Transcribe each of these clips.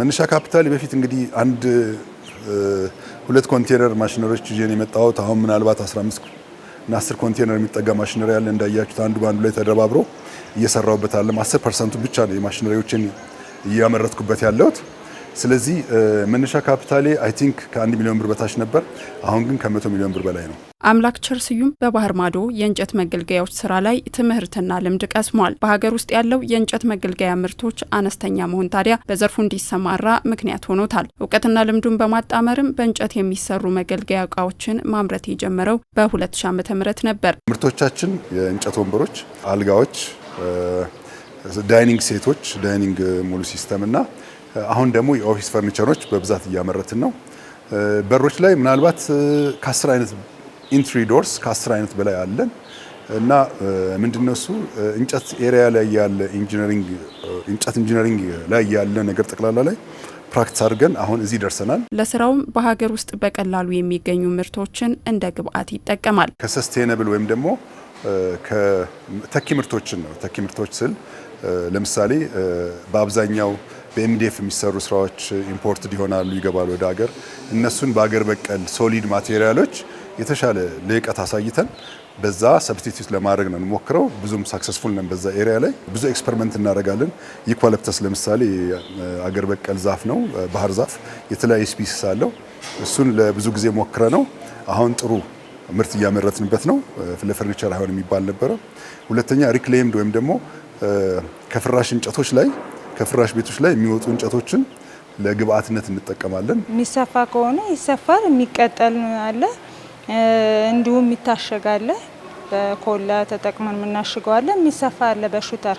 መነሻ ካፒታል በፊት እንግዲህ አንድ ሁለት ኮንቴነር ማሽነሪዎች ይዤ ነው የመጣሁት። አሁን ምናልባት 15 እና 10 ኮንቴነር የሚጠጋ ማሽነሪ ያለ እንዳያችሁት አንዱ በአንዱ ላይ ተደባብሮ እየሰራሁበት አለም። 10 ፐርሰንቱ ብቻ ነው የማሽነሪዎችን እያመረትኩበት ያለሁት። ስለዚህ መነሻ ካፒታሌ አይ ቲንክ ከአንድ ሚሊዮን ብር በታች ነበር። አሁን ግን ከመቶ ሚሊዮን ብር በላይ ነው። አምላክ ቸር ስዩም በባህር ማዶ የእንጨት መገልገያዎች ስራ ላይ ትምህርትና ልምድ ቀስሟል። በሀገር ውስጥ ያለው የእንጨት መገልገያ ምርቶች አነስተኛ መሆን ታዲያ በዘርፉ እንዲሰማራ ምክንያት ሆኖታል። እውቀትና ልምዱን በማጣመርም በእንጨት የሚሰሩ መገልገያ እቃዎችን ማምረት የጀመረው በ2000 ዓ ም ነበር። ምርቶቻችን የእንጨት ወንበሮች፣ አልጋዎች፣ ዳይኒንግ ሴቶች፣ ዳይኒንግ ሙሉ ሲስተም እና አሁን ደግሞ የኦፊስ ፈርኒቸሮች በብዛት እያመረትን ነው። በሮች ላይ ምናልባት ከአስር አይነት ኢንትሪ ዶርስ ከአስር አይነት በላይ አለን እና ምንድነው እንጨት ኤሪያ ላይ ያለ ኢንጂነሪንግ እንጨት ኢንጂነሪንግ ላይ ያለ ነገር ጠቅላላ ላይ ፕራክቲስ አድርገን አሁን እዚህ ደርሰናል። ለስራውም በሀገር ውስጥ በቀላሉ የሚገኙ ምርቶችን እንደ ግብአት ይጠቀማል። ከሰስቴነብል ወይም ደግሞ ከተኪ ምርቶችን ነው። ተኪ ምርቶች ስል ለምሳሌ በአብዛኛው በኤምዲኤፍ የሚሰሩ ስራዎች ኢምፖርትድ ይሆናሉ፣ ይገባሉ ወደ ሀገር። እነሱን በሀገር በቀል ሶሊድ ማቴሪያሎች የተሻለ ልዕቀት አሳይተን በዛ ሰብስቲቲዩት ለማድረግ ነው እንሞክረው። ብዙም ሳክሰስፉል ነን በዛ ኤሪያ ላይ ብዙ ኤክስፐሪመንት እናደርጋለን። ዩካሊፕተስ ለምሳሌ አገር በቀል ዛፍ ነው፣ ባህር ዛፍ የተለያየ ስፒሲስ አለው። እሱን ለብዙ ጊዜ ሞክረ ነው። አሁን ጥሩ ምርት እያመረትንበት ነው። ለፈርኒቸር አይሆን የሚባል ነበረ። ሁለተኛ ሪክሌምድ ወይም ደግሞ ከፍራሽ እንጨቶች ላይ ከፍራሽ ቤቶች ላይ የሚወጡ እንጨቶችን ለግብአትነት እንጠቀማለን። የሚሰፋ ከሆነ ይሰፋል፣ የሚቀጠል አለ፣ እንዲሁም ይታሸጋለ። በኮላ ተጠቅመን የምናሽገዋለን። የሚሰፋ አለ በሹተር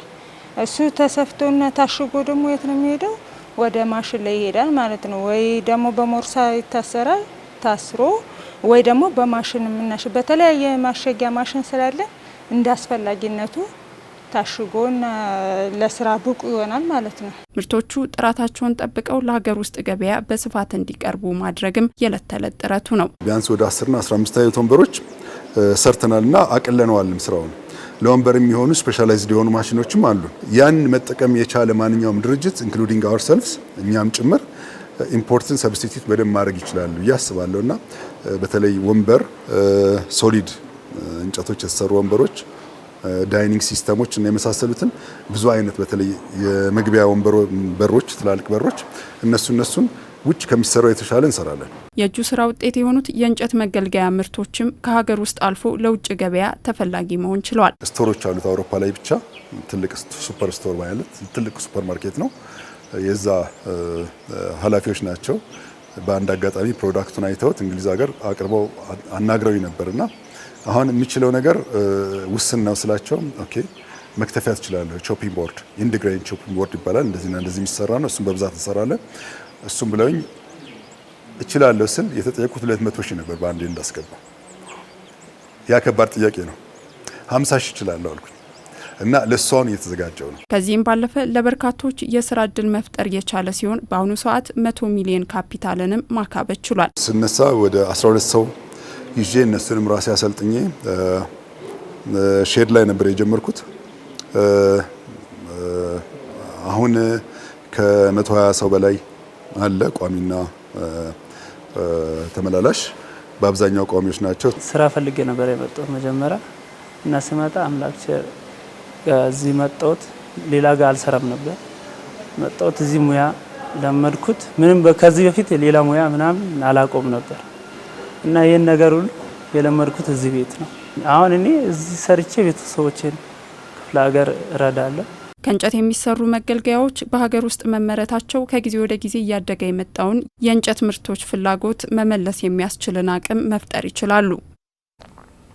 እሱ ተሰፍቶና ታሽጎ ደግሞ የት ነው የሚሄደው? ወደ ማሽን ላይ ይሄዳል ማለት ነው። ወይ ደግሞ በሞርሳ ይታሰራል ታስሮ፣ ወይ ደግሞ በማሽን የምናሽ በተለያየ ማሸጊያ ማሽን ስላለ እንደ አስፈላጊነቱ ታሽጎና ለስራ ብቁ ይሆናል ማለት ነው። ምርቶቹ ጥራታቸውን ጠብቀው ለሀገር ውስጥ ገበያ በስፋት እንዲቀርቡ ማድረግም የዕለት ተዕለት ጥረቱ ነው። ቢያንስ ወደ 10ና 15 አይነት ወንበሮች ሰርተናልና አቅለነዋልም ስራውን። ለወንበር የሚሆኑ ስፔሻላይዝድ የሆኑ ማሽኖችም አሉ። ያን መጠቀም የቻለ ማንኛውም ድርጅት ኢንክሉዲንግ አወር ሰልፍስ እኛም ጭምር ኢምፖርትን ሰብስቲቱት በደንብ ማድረግ ይችላሉ ብዬ አስባለሁ እና በተለይ ወንበር ሶሊድ እንጨቶች የተሰሩ ወንበሮች ዳይኒንግ ሲስተሞች እና የመሳሰሉትን ብዙ አይነት በተለይ የመግቢያ በሮች፣ ትላልቅ በሮች እነሱ እነሱን ውጭ ከሚሰራው የተሻለ እንሰራለን። የእጁ ስራ ውጤት የሆኑት የእንጨት መገልገያ ምርቶችም ከሀገር ውስጥ አልፎ ለውጭ ገበያ ተፈላጊ መሆን ችለዋል። ስቶሮች አሉት አውሮፓ ላይ ብቻ ትልቅ ሱፐር ስቶር ማለት ትልቅ ሱፐር ማርኬት ነው። የዛ ኃላፊዎች ናቸው። በአንድ አጋጣሚ ፕሮዳክቱን አይተውት እንግሊዝ ሀገር አቅርበው አናግረው ነበርና አሁን የሚችለው ነገር ውስን ነው ስላቸውም ኦኬ መክተፊያ ትችላለሁ። ቾፒንግ ቦርድ ኢንዲግሬን ቾፒንግ ቦርድ ይባላል። እንደዚህና እንደዚህ የሚሰራ ነው። እሱም በብዛት እንሰራለን። እሱም ብለውኝ እችላለሁ ስል የተጠየቁት ሁለት መቶ ሺህ ነበር በአንዴ እንዳስገባ። ያ ከባድ ጥያቄ ነው። ሀምሳ ሺህ እችላለሁ አልኩኝ እና ለሷን እየተዘጋጀው ነው። ከዚህም ባለፈ ለበርካቶች የስራ እድል መፍጠር የቻለ ሲሆን በአሁኑ ሰዓት መቶ ሚሊዮን ካፒታልንም ማካበት ችሏል። ስነሳ ወደ 12 ሰው ይዤ እነሱንም ራሴ አሰልጥኜ ሼድ ላይ ነበር የጀመርኩት። አሁን ከመቶ 120 ሰው በላይ አለ ቋሚና ተመላላሽ። በአብዛኛው ቋሚዎች ናቸው። ስራ ፈልጌ ነበር የመጣሁት መጀመሪያ እና ስመጣ አምላክ ቸር እዚህ መጣሁት። ሌላ ጋር አልሰራም ነበር መጣሁት። እዚህ ሙያ ለመድኩት። ምንም ከዚህ በፊት ሌላ ሙያ ምናምን አላቆም ነበር እና ይህን ነገር የለመድኩት እዚህ ቤት ነው። አሁን እኔ እዚህ ሰርቼ ቤተሰቦቼን ክፍለ ሀገር እረዳለሁ። ከእንጨት የሚሰሩ መገልገያዎች በሀገር ውስጥ መመረታቸው ከጊዜ ወደ ጊዜ እያደገ የመጣውን የእንጨት ምርቶች ፍላጎት መመለስ የሚያስችልን አቅም መፍጠር ይችላሉ።